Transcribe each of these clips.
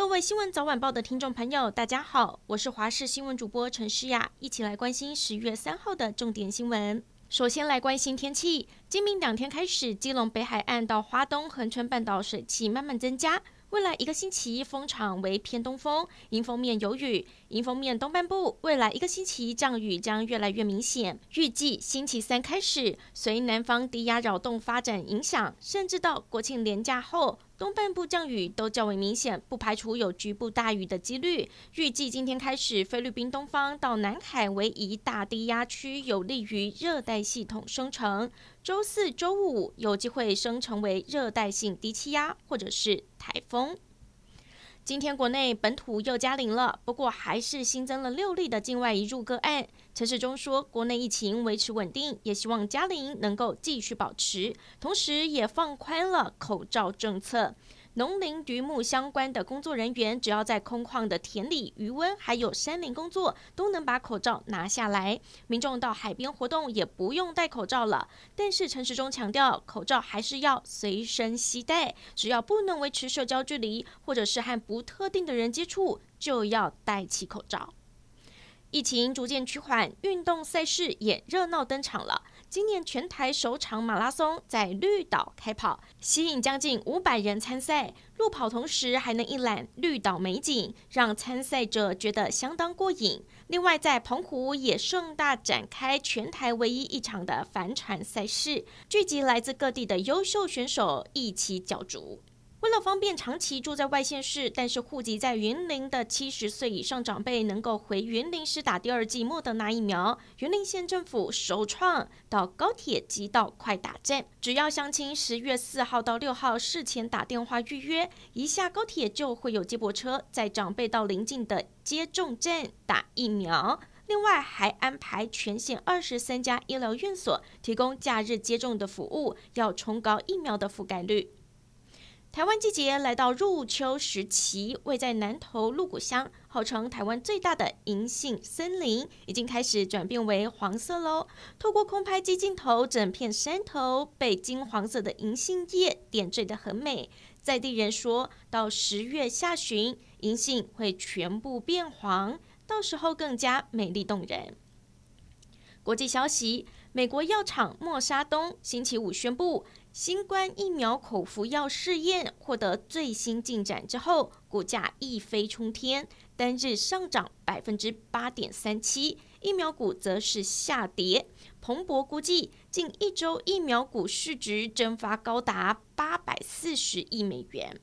各位新聞早晚報的聽眾朋友，大家好，我是華視新聞主播陳詩雅，一起來關心十月三號的重點新聞。首先來關心天氣，今明兩天開始，基隆北海岸到花東恆春半島水汽慢慢增加。未來一個星期風場為偏東風，迎風面有雨，迎風面東半部未來一個星期降雨將越來越明顯。預計星期三開始，隨南方低壓擾動發展影響，甚至到國慶連假後。東半部降雨都較為明顯，不排除有局部大雨的幾率。預計今天開始，菲律賓東方到南海為一大低壓區，有利於熱帶系統生成。周四周五有機會生成為熱帶性低氣壓，或者是颱風。今天國內本土又加零了，不過還是新增了六例的境外移入個案。陳時中說，國內疫情維持穩定，也希望加零能夠繼續保持，同時也放寬了口罩政策。農林漁牧相關的工作人員，只要在空曠的田裡、漁塭還有山林工作，都能把口罩拿下來。民眾到海邊活動也不用戴口罩了。但是陳時中強調，口罩還是要隨身攜帶。只要不能維持社交距離，或者是和不特定的人接觸，就要戴起口罩。疫情逐漸趨緩，運動賽事也熱鬧登場了。今年全台首場馬拉松在綠島開跑，吸引將近五百人參賽。路跑同時還能一覽綠島美景，讓參賽者覺得相當過癮。另外，在澎湖也盛大展開全台唯一一場的帆船賽事，聚集來自各地的優秀選手一起角逐。為了方便長期住在外縣市，但是戶籍在雲林的七十歲以上長輩能夠回雲林施打第二劑莫德納疫苗，雲林縣政府首創到高鐵即到快打站，只要鄉親十月四號到六號事前打電話預約，一下高鐵就會有接駁車在長輩到臨近的接種站打疫苗。另外還安排全縣二十三家醫療院所提供假日接種的服務，要衝高疫苗的覆蓋率。台灣季節來到入秋時期，位在南投鹿谷鄉，號稱台灣最大的銀杏森林，已經開始轉變為黃色嘍。透過空拍機鏡頭，整片山頭被金黃色的銀杏葉點綴得很美。在地人說到十月下旬，銀杏會全部變黃，到時候更加美麗動人。國際消息。美國藥廠默沙東星期五宣布，新冠疫苗口服藥試驗獲得最新進展之後，股價一飛沖天，單日上漲百分之八點三七。疫苗股則是下跌。彭博估計，近一周疫苗股市值蒸發高達八百四十億美元。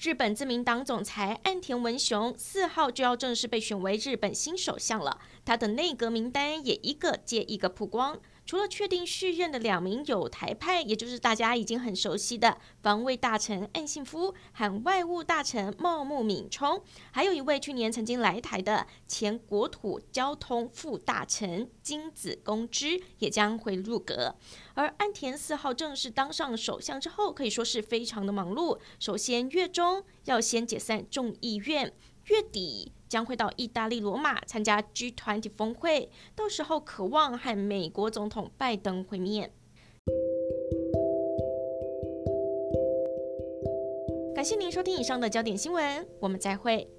日本自民黨總裁岸田文雄四號就要正式被選為日本新首相了，他的內閣名單也一個接一個曝光。除了確定續任的兩名友台派，也就是大家已經很熟悉的防衛大臣岸信夫和外務大臣茂木敏充，還有一位去年曾經來台的前國土交通副大臣金子恭之也將會入閣。而岸田四號正式當上首相之後，可以說是非常的忙碌。首先月，月中要先解散眾議院。月底將會到意大利羅馬參加 G20 峰會，到時候渴望和美國總統拜登會面。感謝您收聽以上的焦點新聞，我們再會。